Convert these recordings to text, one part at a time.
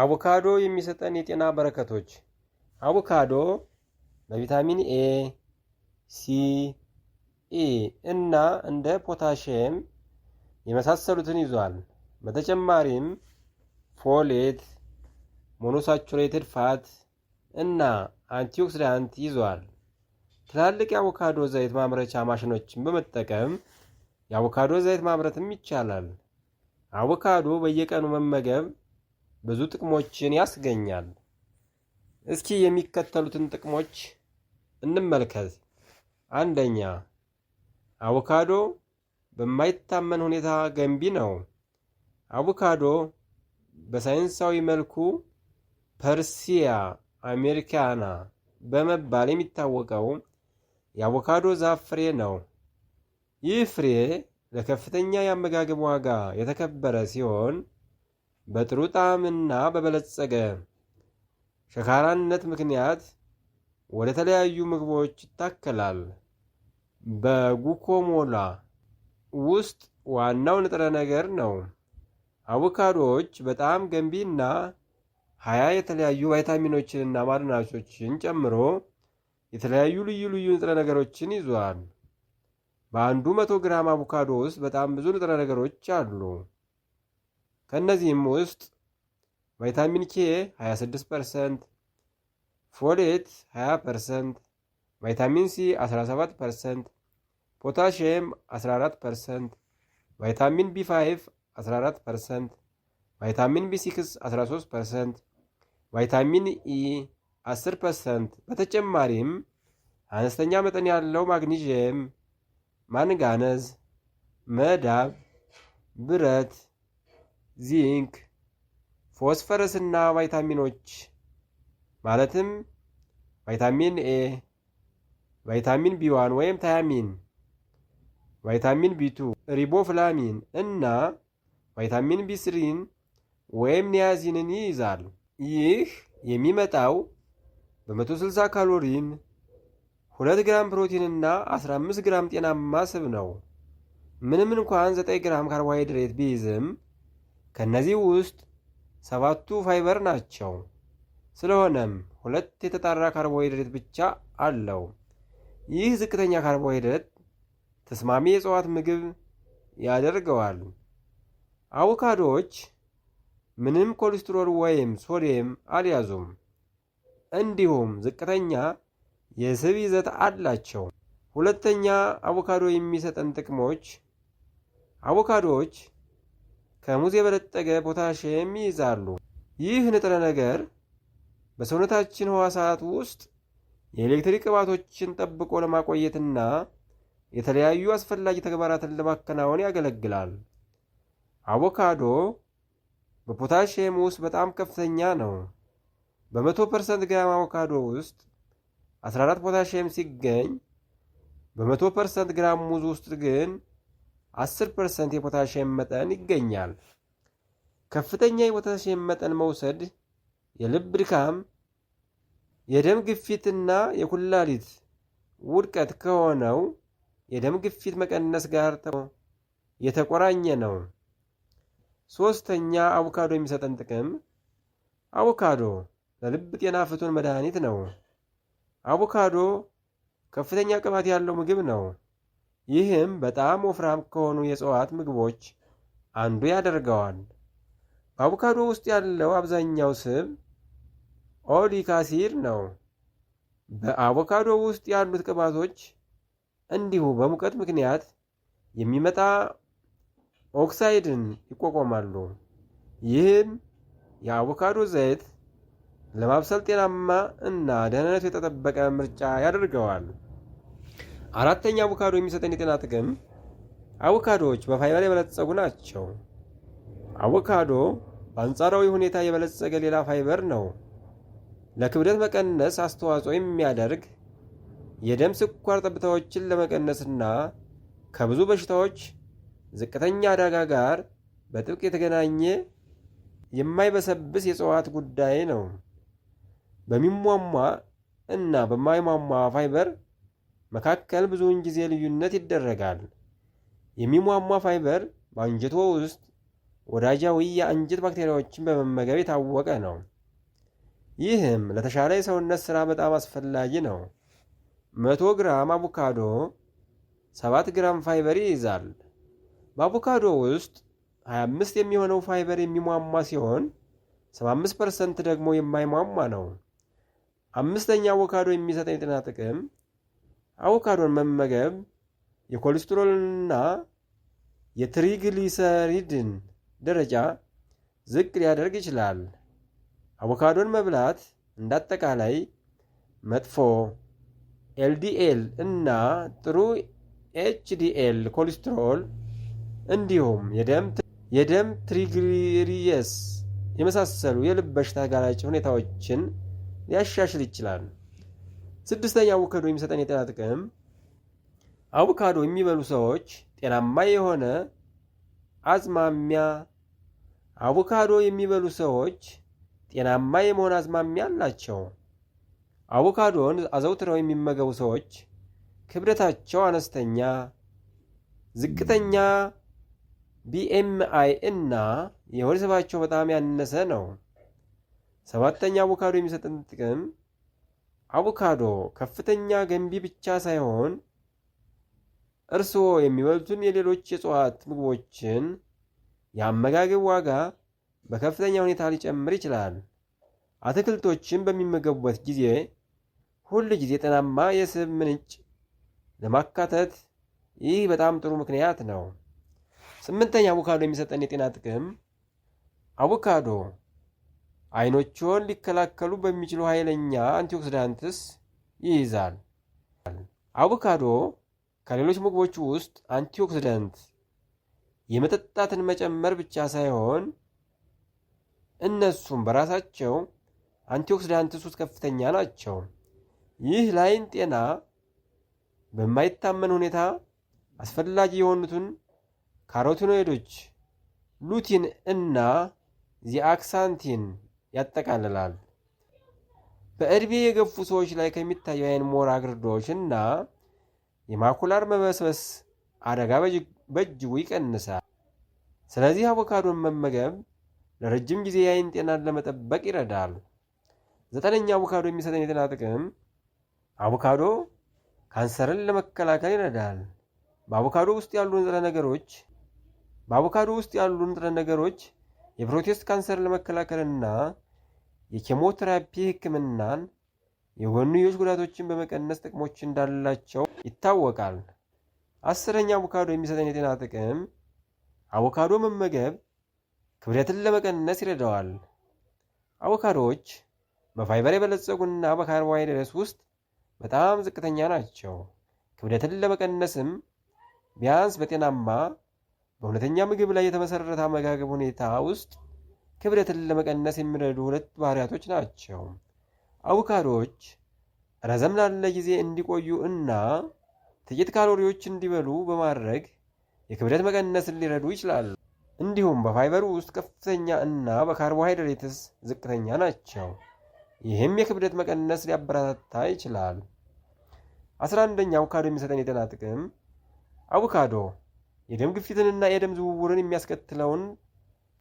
አቮካዶ የሚሰጠን የጤና በረከቶች አቮካዶ በቪታሚን ኤ፣ ሲ፣ ኢ እና እንደ ፖታሽየም የመሳሰሉትን ይዟል። በተጨማሪም ፎሌት፣ ሞኖሳቹሬትድ ፋት እና አንቲኦክሲዳንት ይዟል። ትላልቅ የአቮካዶ ዘይት ማምረቻ ማሽኖችን በመጠቀም የአቮካዶ ዘይት ማምረትም ይቻላል። አቮካዶ በየቀኑ መመገብ ብዙ ጥቅሞችን ያስገኛል። እስኪ የሚከተሉትን ጥቅሞች እንመልከት። አንደኛ አቮካዶ በማይታመን ሁኔታ ገንቢ ነው። አቮካዶ በሳይንሳዊ መልኩ ፐርሲያ አሜሪካና በመባል የሚታወቀው የአቮካዶ ዛፍ ፍሬ ነው። ይህ ፍሬ ለከፍተኛ የአመጋገብ ዋጋ የተከበረ ሲሆን በጥሩ ጣዕምና በበለጸገ ሸካራነት ምክንያት ወደ ተለያዩ ምግቦች ይታከላል። በጉኮሞላ ውስጥ ዋናው ንጥረ ነገር ነው። አቮካዶዎች በጣም ገንቢና ሀያ የተለያዩ ቫይታሚኖችንና ማድናቾችን ጨምሮ የተለያዩ ልዩ ልዩ ንጥረ ነገሮችን ይዟል። በአንዱ መቶ ግራም አቮካዶ ውስጥ በጣም ብዙ ንጥረ ነገሮች አሉ። ከእነዚህም ውስጥ ቫይታሚን ኬ 26%፣ ፎሌት 20%፣ ቫይታሚን ሲ 17%፣ ፖታሽየም 14%፣ ቫይታሚን ቢ5 14%፣ ቫይታሚን ቢ6 13%፣ ቫይታሚን ኢ 10%። በተጨማሪም አነስተኛ መጠን ያለው ማግኒዥየም፣ ማንጋነዝ፣ መዳብ፣ ብረት ዚንክ፣ ፎስፈረስና ቫይታሚኖች ማለትም ቫይታሚን ኤ፣ ቫይታሚን ቢዋን ወይም ታያሚን፣ ቫይታሚን ቢቱ፣ ሪቦፍላሚን እና ቫይታሚን ቢስሪን ወይም ኒያዚንን ይይዛል። ይህ የሚመጣው በ160 ካሎሪን 2 ግራም እና 15 ግራም ጤናማ ስብ ነው። ምንም እንኳን 9 ግራም ካርቦሃይድሬት ቢይዝም ከእነዚህ ውስጥ ሰባቱ ፋይበር ናቸው። ስለሆነም ሁለት የተጣራ ካርቦሃይድሬት ብቻ አለው። ይህ ዝቅተኛ ካርቦሃይድሬት ተስማሚ የእጽዋት ምግብ ያደርገዋል። አቮካዶዎች ምንም ኮሌስትሮል ወይም ሶዲየም አልያዙም። እንዲሁም ዝቅተኛ የስብ ይዘት አላቸው። ሁለተኛ አቮካዶ የሚሰጠን ጥቅሞች አቮካዶዎች ከሙዝ የበለጠገ ፖታሽየም ይይዛሉ። ይህ ንጥረ ነገር በሰውነታችን ሕዋሳት ውስጥ የኤሌክትሪክ ቅባቶችን ጠብቆ ለማቆየትና የተለያዩ አስፈላጊ ተግባራትን ለማከናወን ያገለግላል። አቮካዶ በፖታሽየም ውስጥ በጣም ከፍተኛ ነው። በመቶ ፐርሰንት ግራም አቮካዶ ውስጥ 14 ፖታሽየም ሲገኝ በመቶ ፐርሰንት ግራም ሙዝ ውስጥ ግን 10% የፖታሽየም መጠን ይገኛል። ከፍተኛ የፖታሽየም መጠን መውሰድ የልብ ድካም፣ የደም ግፊትና የኩላሊት ውድቀት ከሆነው የደም ግፊት መቀነስ ጋር የተቆራኘ ነው። ሶስተኛ አቮካዶ የሚሰጠን ጥቅም አቮካዶ ለልብ ጤና ፍቱን መድኃኒት ነው። አቮካዶ ከፍተኛ ቅባት ያለው ምግብ ነው። ይህም በጣም ወፍራም ከሆኑ የእጽዋት ምግቦች አንዱ ያደርገዋል። በአቮካዶ ውስጥ ያለው አብዛኛው ስብ ኦሊክ አሲድ ነው። በአቮካዶ ውስጥ ያሉት ቅባቶች እንዲሁ በሙቀት ምክንያት የሚመጣ ኦክሳይድን ይቋቋማሉ። ይህም የአቮካዶ ዘይት ለማብሰል ጤናማ እና ደህንነቱ የተጠበቀ ምርጫ ያደርገዋል። አራተኛ አቮካዶ የሚሰጠን የጤና ጥቅም አቮካዶዎች በፋይበር የበለጸጉ ናቸው። አቮካዶ በአንጻራዊ ሁኔታ የበለጸገ ሌላ ፋይበር ነው። ለክብደት መቀነስ አስተዋጽኦ የሚያደርግ የደም ስኳር ጠብታዎችን ለመቀነስና ከብዙ በሽታዎች ዝቅተኛ አደጋ ጋር በጥብቅ የተገናኘ የማይበሰብስ የእጽዋት ጉዳይ ነው። በሚሟሟ እና በማይሟሟ ፋይበር መካከል ብዙውን ጊዜ ልዩነት ይደረጋል። የሚሟሟ ፋይበር በአንጀቶ ውስጥ ወዳጃዊ የአንጀት ባክቴሪያዎችን በመመገብ የታወቀ ነው። ይህም ለተሻለ የሰውነት ሥራ በጣም አስፈላጊ ነው። 100 ግራም አቮካዶ 7 ግራም ፋይበር ይይዛል። በአቮካዶ ውስጥ 25 የሚሆነው ፋይበር የሚሟሟ ሲሆን 75 ፐርሰንት ደግሞ የማይሟሟ ነው። አምስተኛ አቮካዶ የሚሰጠኝ የጤና ጥቅም አቮካዶን መመገብ የኮሌስትሮልና የትሪግሊሰሪድን ደረጃ ዝቅ ሊያደርግ ይችላል። አቮካዶን መብላት እንዳጠቃላይ መጥፎ ኤልዲኤል እና ጥሩ ኤችዲኤል ኮሌስትሮል እንዲሁም የደም ትሪግሪየስ የመሳሰሉ የልብ በሽታ ተጋላጭ ሁኔታዎችን ሊያሻሽል ይችላል። ስድስተኛ አቮካዶ የሚሰጠን የጤና ጥቅም አቮካዶ የሚበሉ ሰዎች ጤናማ የሆነ አዝማሚያ አቮካዶ የሚበሉ ሰዎች ጤናማ የመሆን አዝማሚያ አላቸው። አቮካዶን አዘውትረው የሚመገቡ ሰዎች ክብደታቸው አነስተኛ፣ ዝቅተኛ ቢኤምአይ እና የወደ በጣም ያነሰ ነው። ሰባተኛ አቮካዶ የሚሰጠን ጥቅም አቮካዶ ከፍተኛ ገንቢ ብቻ ሳይሆን እርስዎ የሚበሉትን የሌሎች የእጽዋት ምግቦችን የአመጋገብ ዋጋ በከፍተኛ ሁኔታ ሊጨምር ይችላል። አትክልቶችን በሚመገቡበት ጊዜ ሁል ጊዜ ጤናማ የስብ ምንጭ ለማካተት ይህ በጣም ጥሩ ምክንያት ነው። ስምንተኛ አቮካዶ የሚሰጠን የጤና ጥቅም አቮካዶ አይኖችዎን ሊከላከሉ በሚችሉ ኃይለኛ አንቲኦክሲዳንትስ ይይዛል። አቮካዶ ከሌሎች ምግቦች ውስጥ አንቲኦክሲዳንት የመጠጣትን መጨመር ብቻ ሳይሆን እነሱም በራሳቸው አንቲኦክሲዳንትስ ውስጥ ከፍተኛ ናቸው። ይህ ላይን ጤና በማይታመን ሁኔታ አስፈላጊ የሆኑትን ካሮቲኖይዶች፣ ሉቲን እና ዚአክሳንቲን ያጠቃልላል። በእድሜ የገፉ ሰዎች ላይ ከሚታዩ የአይን ሞራ ግርዶሽ እና የማኩላር መበስበስ አደጋ በእጅጉ ይቀንሳል። ስለዚህ አቮካዶን መመገብ ለረጅም ጊዜ የአይን ጤናን ለመጠበቅ ይረዳል። ዘጠነኛ አቮካዶ የሚሰጠን የጤና ጥቅም አቮካዶ ካንሰርን ለመከላከል ይረዳል። በአቮካዶ ውስጥ ያሉ ንጥረ ነገሮች በአቮካዶ ውስጥ ያሉ ንጥረ ነገሮች የፕሮቴስት ካንሰርን ለመከላከልና የኬሞቴራፒ ህክምናን የጎንዮሽ ጉዳቶችን በመቀነስ ጥቅሞች እንዳላቸው ይታወቃል። አስረኛ አቮካዶ የሚሰጠን የጤና ጥቅም አቮካዶ መመገብ ክብደትን ለመቀነስ ይረዳዋል። አቮካዶዎች በፋይበር የበለጸጉና በካርቦሃይድሬት ውስጥ በጣም ዝቅተኛ ናቸው። ክብደትን ለመቀነስም ቢያንስ በጤናማ በእውነተኛ ምግብ ላይ የተመሰረተ አመጋገብ ሁኔታ ውስጥ ክብደትን ለመቀነስ የሚረዱ ሁለት ባህሪያቶች ናቸው። አቮካዶዎች ረዘም ላለ ጊዜ እንዲቆዩ እና ጥቂት ካሎሪዎች እንዲበሉ በማድረግ የክብደት መቀነስን ሊረዱ ይችላሉ። እንዲሁም በፋይበሩ ውስጥ ከፍተኛ እና በካርቦሃይድሬትስ ዝቅተኛ ናቸው። ይህም የክብደት መቀነስ ሊያበረታታ ይችላል። አስራ አንደኛ አቮካዶ የሚሰጠን የጤና ጥቅም አቮካዶ የደም ግፊትንና የደም ዝውውርን የሚያስከትለውን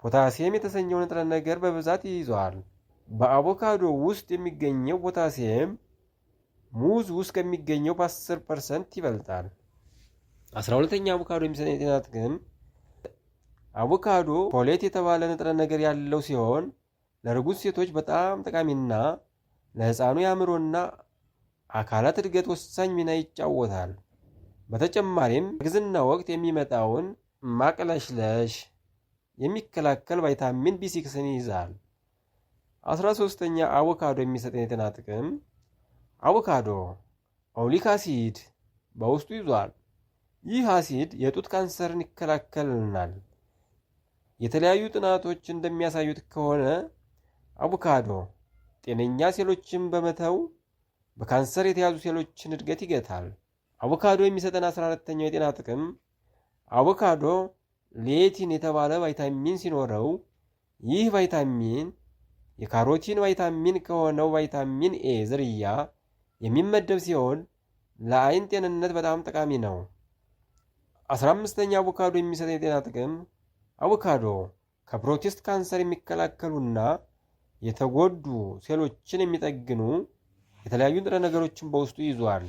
ፖታሲየም የተሰኘው ንጥረ ነገር በብዛት ይይዘዋል። በአቮካዶ ውስጥ የሚገኘው ፖታሲየም ሙዝ ውስጥ ከሚገኘው በ10 ፐርሰንት ይበልጣል። 12ተኛ አቮካዶ የሚሰጠን የጤና ጥቅም አቮካዶ ፖሌት የተባለ ንጥረ ነገር ያለው ሲሆን ለርጉዝ ሴቶች በጣም ጠቃሚና ለሕፃኑ የአእምሮና አካላት እድገት ወሳኝ ሚና ይጫወታል። በተጨማሪም በእርግዝና ወቅት የሚመጣውን ማቅለሽለሽ የሚከላከል ቫይታሚን ቢ6ን ይይዛል አስራ ሶስተኛ አቮካዶ የሚሰጠን የጤና ጥቅም አቮካዶ ኦሊክ አሲድ በውስጡ ይዟል። ይህ አሲድ የጡት ካንሰርን ይከላከልናል። የተለያዩ ጥናቶች እንደሚያሳዩት ከሆነ አቮካዶ ጤነኛ ሴሎችን በመተው በካንሰር የተያዙ ሴሎችን እድገት ይገታል። አቮካዶ የሚሰጠን አስራ አራተኛው የጤና ጥቅም አቮካዶ ሌቲን የተባለ ቫይታሚን ሲኖረው ይህ ቫይታሚን የካሮቲን ቫይታሚን ከሆነው ቫይታሚን ኤ ዝርያ የሚመደብ ሲሆን ለአይን ጤንነት በጣም ጠቃሚ ነው። አስራ አምስተኛ አቮካዶ የሚሰጥ የጤና ጥቅም አቮካዶ ከፕሮቴስት ካንሰር የሚከላከሉና የተጎዱ ሴሎችን የሚጠግኑ የተለያዩ ንጥረ ነገሮችን በውስጡ ይዟል።